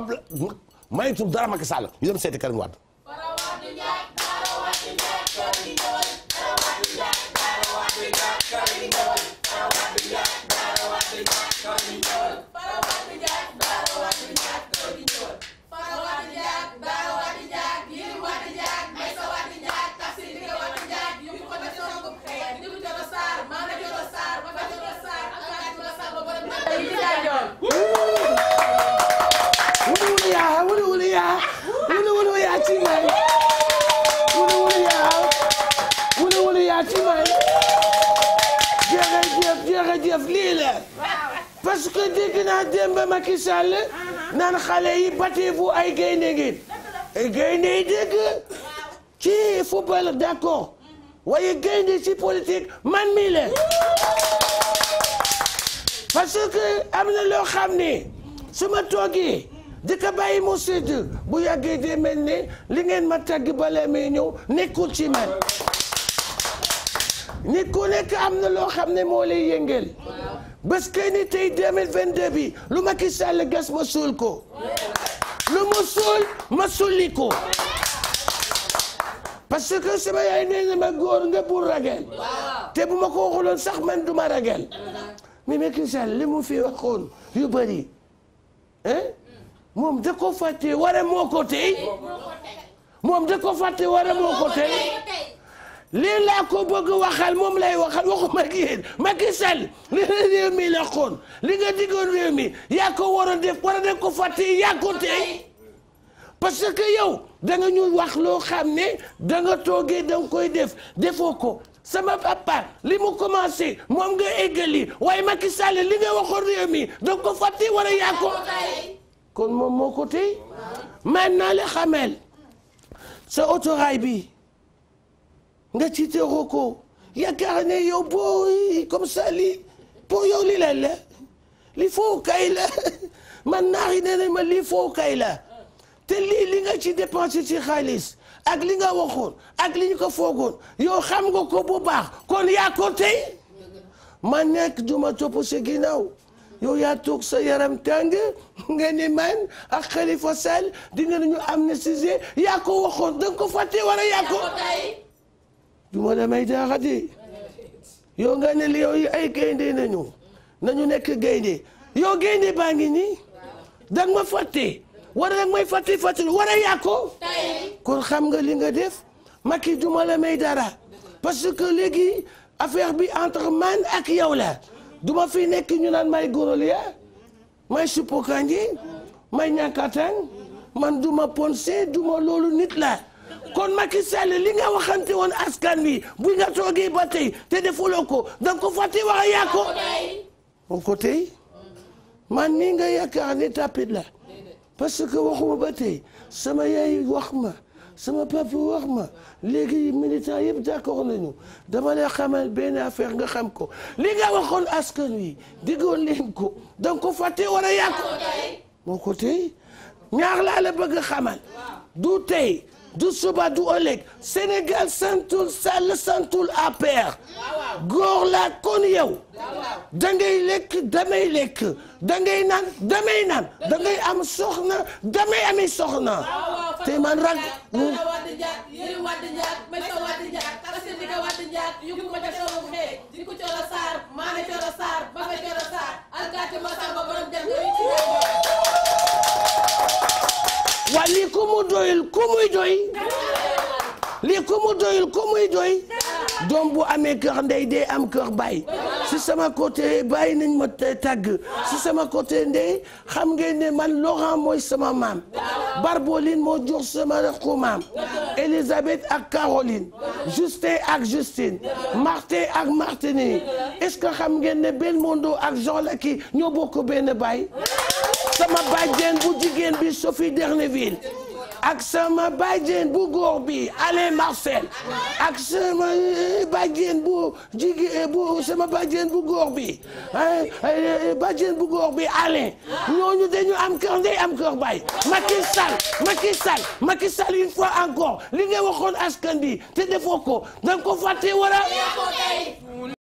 ab mayitul dara Macky Sall ñu dem seeti Karim Wade yaa ci may jërëjëf jërëjëf lii la parce que dégg naa démb Macky Sall naan xale yi battez vous ay gaynde ngeen gaynde yi dégg ci football d'accord waaye gaynde ci politique man mii la parce que am na loo xam ne su ma toogee di ko bàyyi mu sedd bu yàggee de mel ne li ngeen ma tagg bala may ñëw nekkul ci man nit ku nekk am na loo xam ne moo lay yëngal bés kay ni tey 2022 bi lu Macky Sall gas ma suul ko lu mu suul ma sulli ko parce que sama yaay nee na ma góor nga pour ragal te bu ma ko waxuloon sax man du ma ragal mais Macky Sall li mu fi waxoon yu bëri moom da ko fàtte wara moo ko tey moom da ko fàtte wara moo ko tey lii laa ko bëgg waxal moom lay waxal waxuma ak yéen Macky li la réew mi la xoon li nga diggoon réew mi yaa ko war a def war a def ko fàtte yaa ko tey parce que yow danga nga ñu wax loo xam ne danga nga toogee koy def defoo ko sama papa li mu commencé moom nga eggali waaye Macky Sall li nga waxoon réew mi da nga ko fàtte war a yaa ko kon moom moo ko tey man naa la xamel sa autorail bi nga tiitaroo ko yaakaar ne yow boo comme ça lii boo yow li la la li foo kay la man naar yi nee ma lii foo kay la te lii li nga ci dépensé ci xaalis ak li nga waxoon ak li ñu ko foogoon yow xam nga ko bu baax kon yaa ko tey ma nekk duma topp sa ginnaaw yow yaa toog sa yaram tàng nga ni man ak Khalifa Sall dina ñu amnistie yaa ko waxoon da nga ko fàtte wala yaa ko duma may jaaxati yow nga ne li yow yi ay gaynde nañu nañu nekk gaynde yow gaynde baa ngi nii dang ma fàtte wara dang may fàtte fàtte wara yaa ko kon xam nga li nga def Macky duma la may dara parce que léegi affaire bi entre man ak yow la duma fi nekk ñu naan may Gorolia may Suppu Kandji may ñàkkatang man duma ponse duma loolu nit la kon Macky Sall li nga waxante woon askan wi bu nga toogee ba tey te defuloo ko danga ko fàtte wax yaa ko on ko tey man mii nga yaakaar ni tapit la parce que waxuma ba tey sama yaay wax ma sama papa wax ma léegi militant yëpp d'accord nañu dama lay xamal benn affaire nga xam ko li nga waxoon askan wi diggoon leen ko danga ko fàtte war a yàqu moo ko tey ñaar laa la bëgg xamal du tey du suba du ëllëg Sénégal santul Sall santul APR góor laa kon yow da lekk damay lekk da naan damay naan da am soxna damay ami soxna te man rag mu doyul lii ku muy doy doom bu amee kër ndey day am kër baay si sama côté bàyyi nañ ma tàgg si sama côté ndey xam ngeen ne man Laurent mooy sama maam Barboline moo jur sama raqu maam ak Caroline Justin ak Justine Martin ak Martini est-ce que xam ngeen ne Belmondo ak Jean Laki ñoo bokk benn baay sama bàjjen bu jigéen bi Sophie Derneville ak sama bàjjen bu góor bi Alain Marcel ak sama eh, bàjjen bu jigéen eh, bu sama bàjjen bu góor bi eh, bàjjen bu góor bi Alain ñooñu dañu am kër ndey am kër baay Macky Sall Macky Sall Macky Sall une fois encore li nga waxoon askan bi te defoo ko danga ko fàtte wala